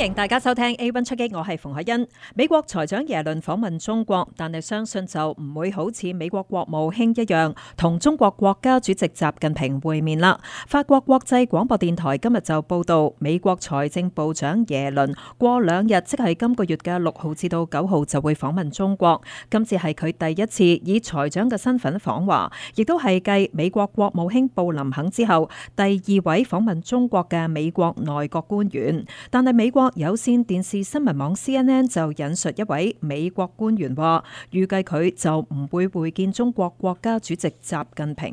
歡迎大家收聽《A1 出擊》，我係馮凱欣。美國財長耶倫訪問中國，但係相信就唔會好似美國國務卿一樣同中國國家主席習近平會面啦。法國國際廣播電台今日就報道，美國財政部長耶倫過兩日，即係今個月嘅六號至到九號，就會訪問中國。今次係佢第一次以財長嘅身份訪華，亦都係繼美國國務卿布林肯之後第二位訪問中國嘅美國內閣官員。但係美國。有線電視新聞網 CNN 就引述一位美國官員話，預計佢就唔會會見中國國家主席習近平。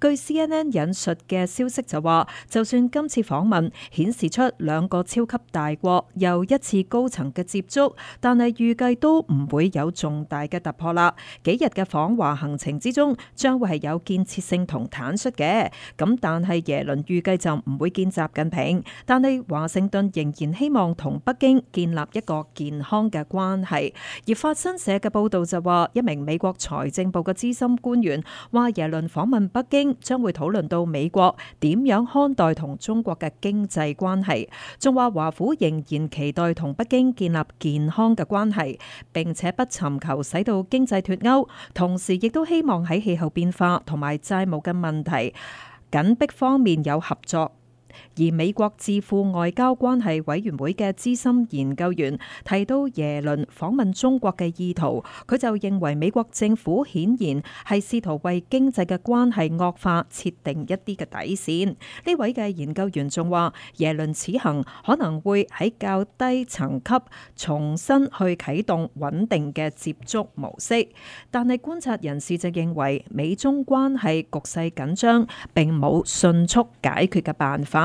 據 CNN 引述嘅消息就話，就算今次訪問顯示出兩個超級大國又一次高層嘅接觸，但係預計都唔會有重大嘅突破啦。幾日嘅訪華行程之中，將會係有建設性同坦率嘅。咁但係耶倫預計就唔會見習近平，但係華盛頓仍然希望。同北京建立一個健康嘅關係。而法新社嘅報道就話，一名美國財政部嘅資深官員話，耶倫訪問北京將會討論到美國點樣看待同中國嘅經濟關係。仲話華府仍然期待同北京建立健康嘅關係，並且不尋求使到經濟脫鈎。同時亦都希望喺氣候變化同埋債務嘅問題緊迫方面有合作。而美國智庫外交關係委員會嘅資深研究員，提到耶倫訪問中國嘅意圖，佢就認為美國政府顯然係試圖為經濟嘅關係惡化設定一啲嘅底線。呢位嘅研究員仲話，耶倫此行可能會喺較低層級重新去啟動穩定嘅接觸模式，但係觀察人士就認為美中關係局勢緊張，並冇迅速解決嘅辦法。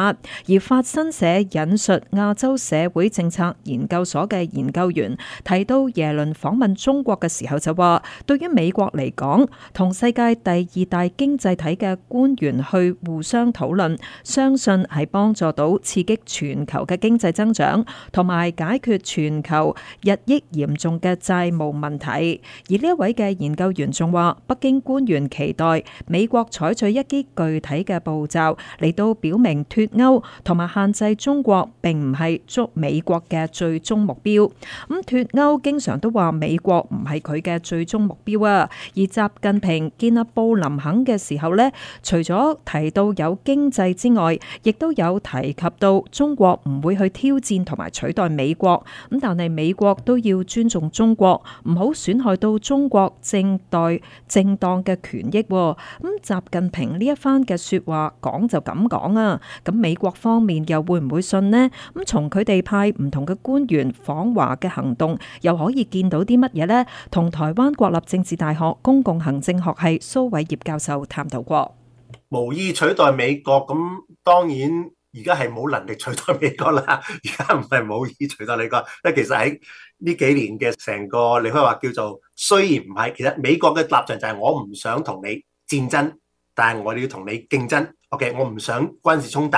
而法新社引述亞洲社會政策研究所嘅研究員提到，耶倫訪問中國嘅時候就話，對於美國嚟講，同世界第二大經濟體嘅官員去互相討論，相信係幫助到刺激全球嘅經濟增長，同埋解決全球日益嚴重嘅債務問題。而呢一位嘅研究員仲話，北京官員期待美國採取一啲具體嘅步驟嚟到表明脫歐同埋限制中國，並唔係捉美國嘅最終目標。咁脫歐經常都話美國唔係佢嘅最終目標啊。而習近平見到布林肯嘅時候呢，除咗提到有經濟之外，亦都有提及到中國唔會去挑戰同埋取代美國。咁但係美國都要尊重中國，唔好損害到中國正代正當嘅權益啊。咁習近平呢一番嘅說話講就咁講啊。美國方面又會唔會信呢？咁從佢哋派唔同嘅官員訪華嘅行動，又可以見到啲乜嘢呢？同台灣國立政治大學公共行政學系蘇偉業教授探討過，無意取代美國，咁當然而家係冇能力取代美國啦。而家唔係冇意取代美國，因為其實喺呢幾年嘅成個，你可以話叫做雖然唔係，其實美國嘅立場就係我唔想同你戰爭。但係我哋要同你競爭，OK？我唔想軍事衝突，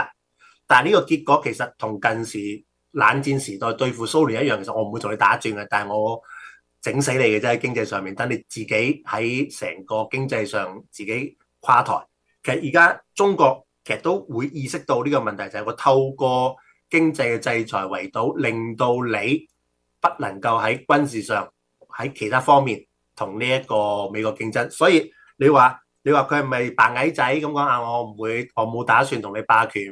但係呢個結果其實同近時冷戰時代對付蘇聯一樣，其實我唔會同你打仗嘅，但係我整死你嘅啫，經濟上面等你自己喺成個經濟上自己垮台。其實而家中國其實都會意識到呢個問題，就係我透過經濟嘅制裁圍堵，令到你不能夠喺軍事上喺其他方面同呢一個美國競爭。所以你話？你話佢係咪扮矮仔咁講啊？我唔會，我冇打算同你霸權，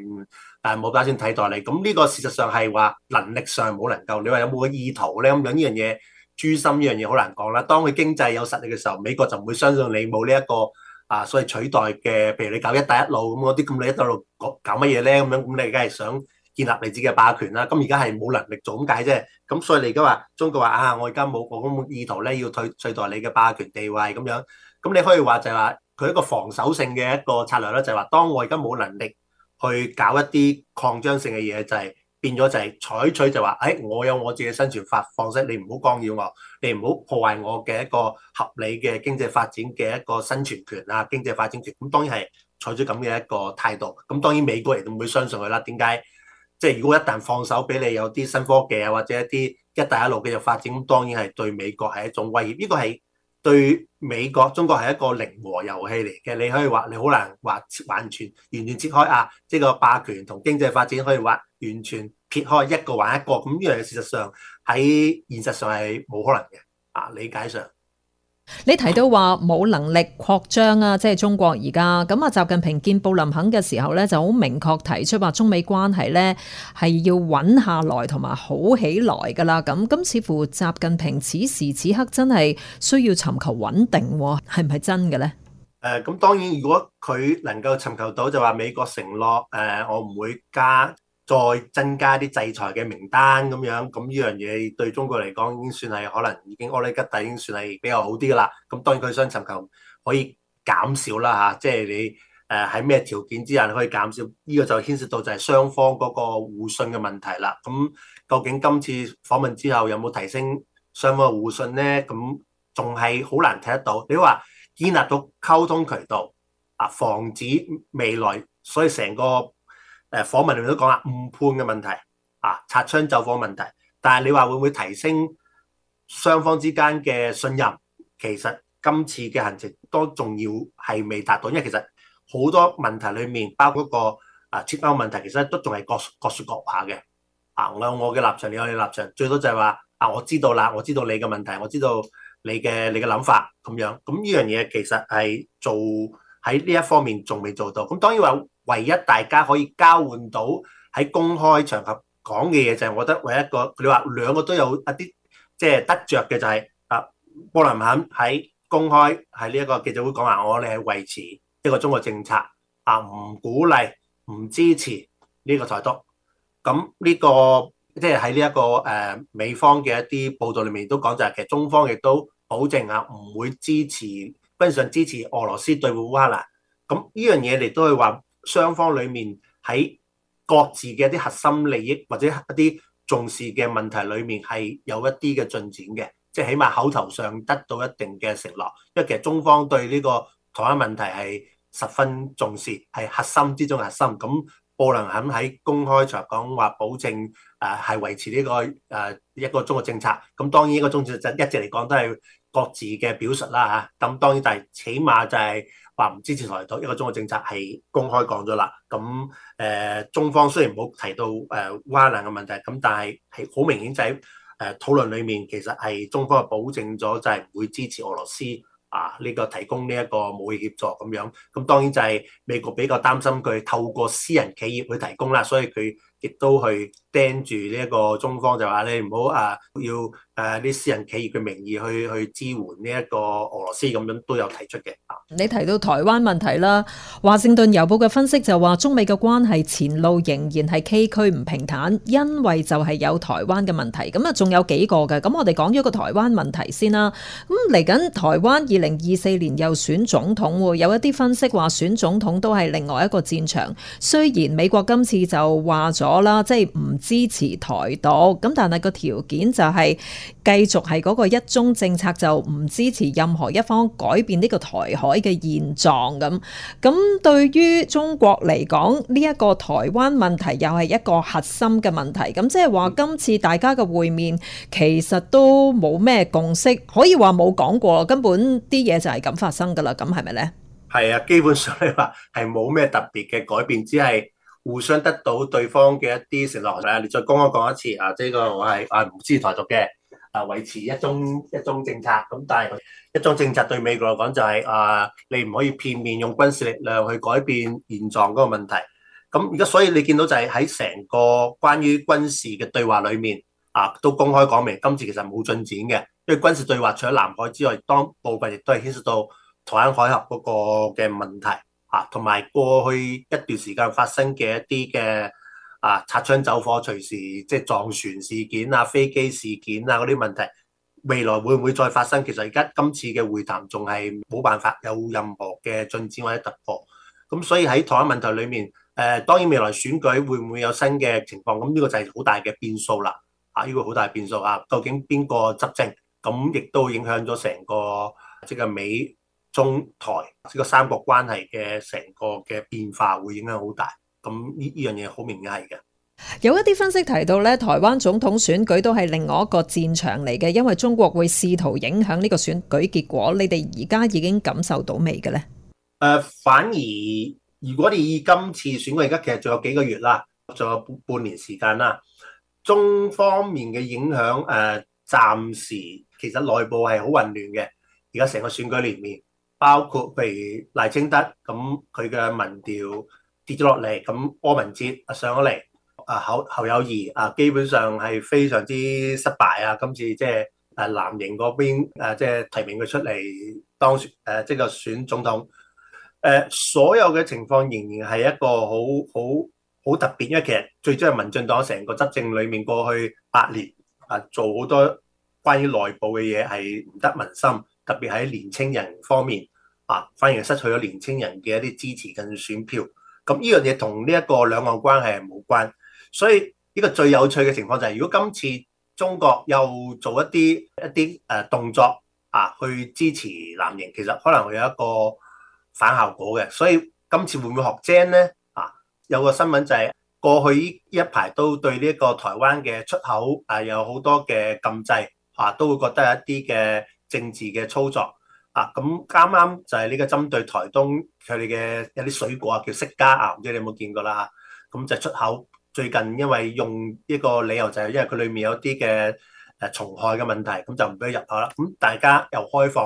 但係冇打算替代你。咁呢個事實上係話能力上冇能夠。你話有冇個意圖咧？咁樣呢樣嘢，誅心呢樣嘢好難講啦。當佢經濟有實力嘅時候，美國就唔會相信你冇呢一個啊，所謂取代嘅，譬如你搞一帶一路咁嗰啲，咁你一帶一路搞乜嘢咧？咁樣咁你梗係想建立你自己嘅霸權啦。咁而家係冇能力做咁解啫。咁所以你而家話中國話啊，我而家冇個咁嘅意圖咧，要退取，取代你嘅霸權地位咁樣。咁你可以話就係話。佢一個防守性嘅一個策略咧，就係話：當我而家冇能力去搞一啲擴張性嘅嘢，就係變咗就係採取就話、哎，誒我有我自己嘅生存法方式，你唔好干擾我，你唔好破壞我嘅一個合理嘅經濟發展嘅一個生存權啊、經濟發展權。咁當然係採取咁嘅一個態度。咁當然美國人都唔會相信佢啦。點解？即係如果一旦放手俾你有啲新科技啊，或者一啲一帶一路嘅發展，咁當然係對美國係一種威脅。呢個係。對美國、中國係一個零和遊戲嚟嘅，你可以話你好難話完全完全切開啊，即、這、係個霸權同經濟發展可以話完全撇開一個還一個咁樣嘅事實上喺現實上係冇可能嘅啊，理解上。你提到話冇能力擴張啊，即係中國而家咁啊。習近平見布林肯嘅時候咧，就好明確提出話中美關係咧係要穩下來同埋好起來噶啦。咁咁似乎習近平此時此刻真係需要尋求穩定、啊，係唔係真嘅咧？誒、呃，咁當然，如果佢能夠尋求到就話美國承諾誒、呃，我唔會加。再增加啲制裁嘅名單，咁樣，咁呢樣嘢對中國嚟講已經算係可能已經奧力給底，吉已經算係比較好啲噶啦。咁當然佢想尋求可以減少啦吓、啊，即係你誒喺咩條件之下你可以減少？呢，這個就牽涉到就係雙方嗰個互信嘅問題啦。咁、嗯、究竟今次訪問之後有冇提升雙方嘅互信呢？咁仲係好難睇得到。你話建立到溝通渠道啊，防止未來所以成個。誒、呃、訪問裏面都講啦，誤判嘅問題，啊擦槍走火問題，但係你話會唔會提升雙方之間嘅信任？其實今次嘅行程都仲要係未達到，因為其實好多問題裏面，包括、那個啊簽包問題，其實都仲係各各説各話嘅。啊，我有我嘅立場，你有你立場，最多就係話啊，我知道啦，我知道你嘅問題，我知道你嘅你嘅諗法咁樣。咁呢樣嘢其實係做喺呢一方面仲未做到。咁當然話。唯一大家可以交換到喺公開場合講嘅嘢，就係我覺得唯一一個你哋話兩個都有一啲即係得着嘅，就係、是、啊布林肯喺公開喺呢一個記者會講話，我哋係維持一個中國政策啊，唔鼓勵唔支持呢個台獨。咁呢、呢個即係喺呢一個誒美方嘅一啲報導裏面都講就係，其實中方亦都保證啊，唔會支持、唔想支持俄羅斯對付烏克蘭。咁呢樣嘢嚟都係話。雙方裏面喺各自嘅一啲核心利益或者一啲重視嘅問題裏面係有一啲嘅進展嘅，即、就、係、是、起碼口頭上得到一定嘅承諾。因為其實中方對呢個台灣問題係十分重視，係核心之中核心。咁布林肯喺公開場講話保證誒係、呃、維持呢、這個誒、呃、一個中國政策。咁當然呢個中國政策一直嚟講都係。各自嘅表述啦嚇，咁當然就係起碼就係話唔支持台獨，一個中國政策係公開講咗啦。咁、嗯、誒中方雖然冇提到誒烏克蘭嘅問題，咁但係係好明顯就喺、是、誒、呃、討論裡面，其實係中方係保證咗就係唔會支持俄羅斯啊呢、這個提供呢一個武器協助咁樣。咁當然就係美國比較擔心佢透過私人企業去提供啦，所以佢，亦都去盯住呢一個中方，就話你唔好啊，要誒、啊、啲私人企業嘅名義去去支援呢一個俄羅斯咁樣都有提出嘅。你提到台灣問題啦，《華盛頓郵報》嘅分析就話中美嘅關係前路仍然係崎嶇唔平坦，因為就係有台灣嘅問題，咁、嗯、啊，仲有幾個嘅，咁、嗯、我哋講咗個台灣問題先啦。咁嚟緊台灣二零二四年又選總統，有一啲分析話選總統都係另外一個戰場，雖然美國今次就話咗。即係唔支持台獨，咁但係個條件就係繼續係嗰個一中政策，就唔支持任何一方改變呢個台海嘅現狀咁。咁對於中國嚟講，呢、這、一個台灣問題又係一個核心嘅問題。咁即係話今次大家嘅會面其實都冇咩共識，可以話冇講過，根本啲嘢就係咁發生噶啦。咁係咪呢？係啊，基本上你話係冇咩特別嘅改變，只係。互相得到對方嘅一啲承諾係你再公開講一次啊！呢個我係啊唔支持台獨嘅啊，維持一中一中政策咁，但係一中政策對美國嚟講就係、是、啊，你唔可以片面用軍事力量去改變現狀嗰個問題。咁而家所以你見到就係喺成個關於軍事嘅對話裡面啊，都公開講明今次其實冇進展嘅，因為軍事對話除咗南海之外，當部分亦都係牽涉到台灣海峽嗰個嘅問題。同埋、啊、過去一段時間發生嘅一啲嘅啊，擦槍走火、隨時即係、就是、撞船事件啊、飛機事件啊嗰啲問題，未來會唔會再發生？其實而家今次嘅會談仲係冇辦法有任何嘅進展或者突破。咁所以喺台灣問題裏面，誒、啊、當然未來選舉會唔會有新嘅情況？咁呢個就係好大嘅變數啦！啊，呢、呢個好大變數啊！究竟邊個執政？咁亦都影響咗成個即係、就是、美。中台呢、這個三角關係嘅成個嘅變化會影響好大，咁呢呢樣嘢好明顯係嘅。有一啲分析提到咧，台灣總統選舉都係另外一個戰場嚟嘅，因為中國會試圖影響呢個選舉結果。你哋而家已經感受到未嘅咧？誒、呃，反而如果你以今次選舉，而家其實仲有幾個月啦，仲有半年時間啦。中方面嘅影響誒，暫、呃、時其實內部係好混亂嘅，而家成個選舉裏面。包括譬如賴清德咁，佢嘅民調跌咗落嚟，咁柯文哲上咗嚟，啊侯侯友宜啊，基本上係非常之失敗啊！今次即係誒藍營嗰邊誒，即係提名佢出嚟當選誒即係個選總統，誒所有嘅情況仍然係一個好好好特別嘅。其實最主要係民進黨成個執政裡面過去八年啊，做好多關於內部嘅嘢係唔得民心，特別喺年青人方面。啊！反而失去咗年青人嘅一啲支持跟選票，咁呢樣嘢同呢一個兩岸關係係冇關。所以呢個最有趣嘅情況就係、是，如果今次中國又做一啲一啲誒動作啊，去支持南營，其實可能會有一個反效果嘅。所以今次會唔會學精咧？啊，有個新聞就係、是、過去呢一排都對呢個台灣嘅出口啊有好多嘅禁制啊，都會覺得一啲嘅政治嘅操作。啊，咁啱啱就係呢個針對台東佢哋嘅有啲水果啊，叫釋迦啊，唔知你有冇見過啦。咁就出口最近因為用一個理由就係因為佢裡面有啲嘅誒蟲害嘅問題，咁就唔俾佢入口啦。咁大家又開放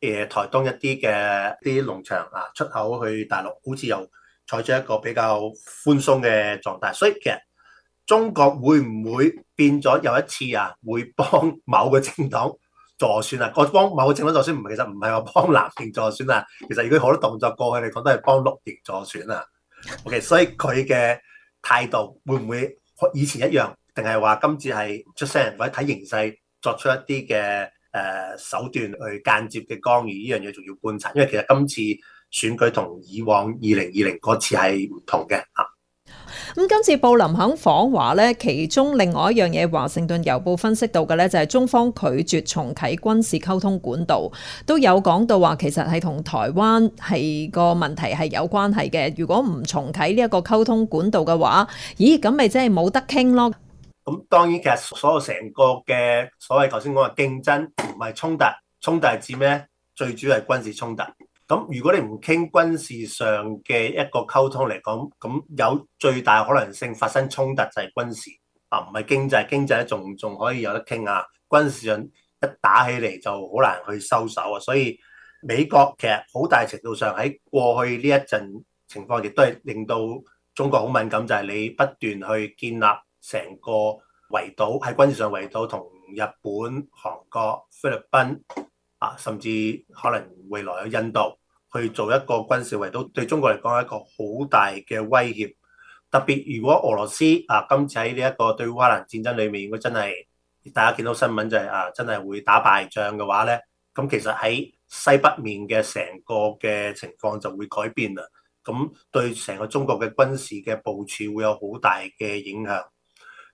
誒台東一啲嘅啲農場啊出口去大陸，好似又採取一個比較寬鬆嘅狀態。所以其實中國會唔會變咗有一次啊？會幫某個政黨？助選啊！我幫某政黨助選，唔係，其實唔係話幫男性助選啊，其實如果好多動作過去嚟講都係幫綠營助選啊。OK，所以佢嘅態度會唔會以前一樣，定係話今次係出聲或者睇形勢作出一啲嘅誒手段去間接嘅干預呢樣嘢，仲要觀察，因為其實今次選舉同以往二零二零嗰次係唔同嘅啊。咁今次布林肯訪華咧，其中另外一樣嘢，華盛頓郵報分析到嘅咧，就係中方拒絕重啟軍事溝通管道，都有講到話其實係同台灣係個問題係有關係嘅。如果唔重啟呢一個溝通管道嘅話，咦，咁咪真係冇得傾咯。咁當然其實所有成個嘅所謂頭先講嘅競爭唔係衝突，衝突係指咩？最主要係軍事衝突。咁如果你唔傾軍事上嘅一個溝通嚟講，咁有最大可能性發生衝突就係軍事啊，唔係經濟，經濟咧仲仲可以有得傾啊。軍事上一打起嚟就好難去收手啊，所以美國其實好大程度上喺過去呢一陣情況亦都係令到中國好敏感，就係你不斷去建立成個圍堵，喺軍事上圍堵同日本、韓國、菲律賓啊，甚至可能未來有印度。去做一個軍事圍堵，對中國嚟講係一個好大嘅威脅。特別如果俄羅斯啊今次喺呢一個對烏蘭戰爭裡面，如果真係大家見到新聞就係、是、啊真係會打敗仗嘅話咧，咁其實喺西北面嘅成個嘅情況就會改變啦。咁對成個中國嘅軍事嘅部署會有好大嘅影響。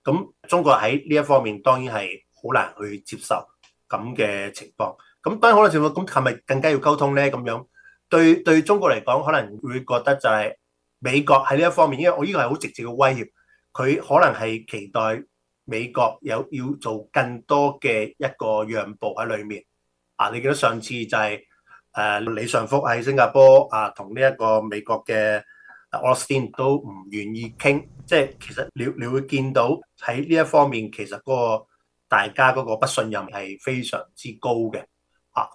咁中國喺呢一方面當然係好難去接受咁嘅情況。咁當然好多情況咁係咪更加要溝通咧？咁樣？對，對中國嚟講，可能會覺得就係美國喺呢一方面，因為我呢個係好直接嘅威脅，佢可能係期待美國有要做更多嘅一個讓步喺裏面。啊，你記得上次就係、是、誒、啊、李尚福喺新加坡啊，同呢一個美國嘅 Austin 都唔願意傾，即、就、係、是、其實你你會見到喺呢一方面，其實嗰、那個大家嗰個不信任係非常之高嘅。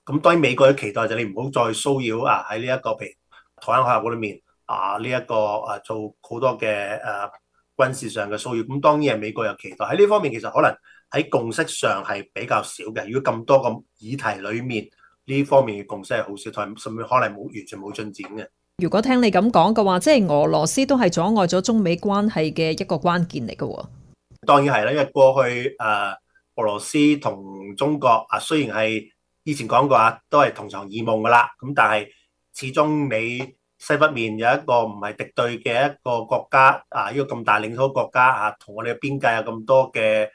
咁、啊、當然美國嘅期待就你唔好再騷擾啊！喺呢一個譬如台灣海峽裏面啊，呢、這、一個誒、啊、做好多嘅誒、啊、軍事上嘅騷擾。咁當然係美國有期待喺呢方面，其實可能喺共識上係比較少嘅。如果咁多個議題裏面呢方面嘅共識係好少，同甚至可能冇完全冇進展嘅。如果聽你咁講嘅話，即係俄羅斯都係阻礙咗中美關係嘅一個關鍵嚟嘅喎。當然係啦、啊，因為過去誒、啊、俄羅斯同中國啊，雖然係。以前講過啊，都係同床異夢㗎喇。咁但係始終你西北面有一個唔係敵對嘅一個國家啊，呢個咁大領土國家啊，同我哋嘅邊界有咁多嘅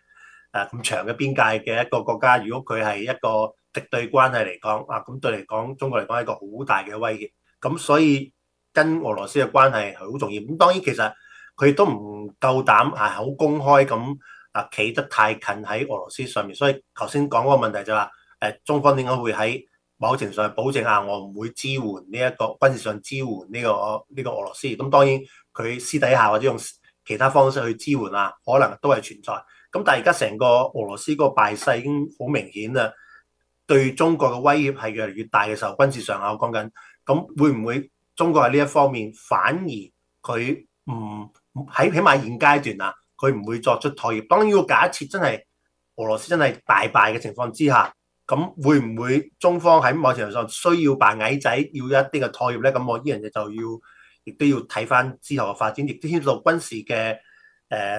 誒咁長嘅邊界嘅一個國家，如果佢係一個敵對關係嚟講啊，咁對嚟講中國嚟講係一個好大嘅威脅。咁所以跟俄羅斯嘅關係係好重要。咁當然其實佢都唔夠膽啊，好公開咁啊企得太近喺俄羅斯上面。所以頭先講嗰個問題就話、是。誒，中方點解會喺某程度上保證啊？我唔會支援呢、這、一個軍事上支援呢、這個呢、這個俄羅斯。咁當然佢私底下或者用其他方式去支援啦、啊，可能都係存在。咁但係而家成個俄羅斯嗰個敗勢已經好明顯啦，對中國嘅威脅係越嚟越大嘅時候，軍事上我講緊，咁會唔會中國喺呢一方面反而佢唔喺起碼現階段啊，佢唔會作出妥協。當然要假設真係俄羅斯真係大敗嘅情況之下。咁會唔會中方喺某程度上需要扮矮仔，要一啲嘅妥協咧？咁我依樣嘢就要，亦都要睇翻之後嘅發展，亦都牽到軍事嘅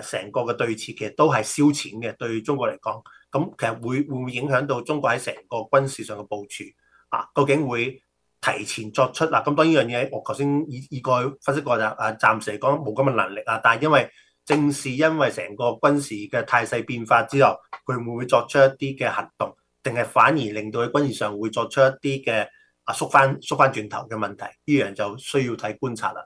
誒成個嘅對峙，其實都係燒錢嘅對中國嚟講。咁其實會會唔會影響到中國喺成個軍事上嘅部署？啊？究竟會提前作出嗱？咁當然依樣嘢，我頭先已已過分析過就啊，暫時嚟講冇咁嘅能力啊。但係因為正是因為成個軍事嘅態勢變化之後，佢會唔會作出一啲嘅行動？定係反而令到喺軍事上會作出一啲嘅啊縮翻縮翻轉頭嘅問題，呢樣就需要睇觀察啦。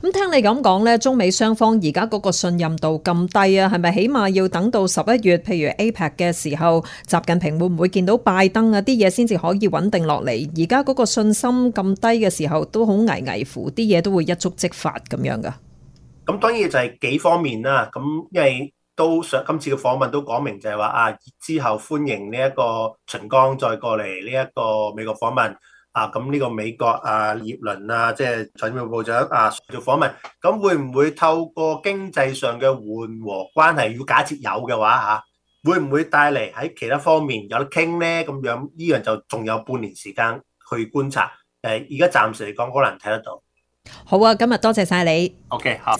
咁聽你咁講咧，中美雙方而家嗰個信任度咁低啊，係咪起碼要等到十一月，譬如 APEC 嘅時候，習近平會唔會見到拜登啊啲嘢先至可以穩定落嚟？而家嗰個信心咁低嘅時候，都好危危乎，啲嘢都會一觸即發咁樣噶。咁當然就係幾方面啦、啊，咁因為。都想今次嘅訪問都講明就係話啊，之後歡迎呢一個秦剛再過嚟呢一個美國訪問啊，咁、啊、呢、嗯這個美國啊耶倫啊，即係財政部部長啊做訪問，咁、啊、會唔會透過經濟上嘅緩和關係？如果假設有嘅話嚇、啊，會唔會帶嚟喺其他方面有得傾咧？咁樣呢樣就仲有半年時間去觀察。誒，而家暫時嚟講可能睇得到。好啊，今日多謝晒你。OK，好。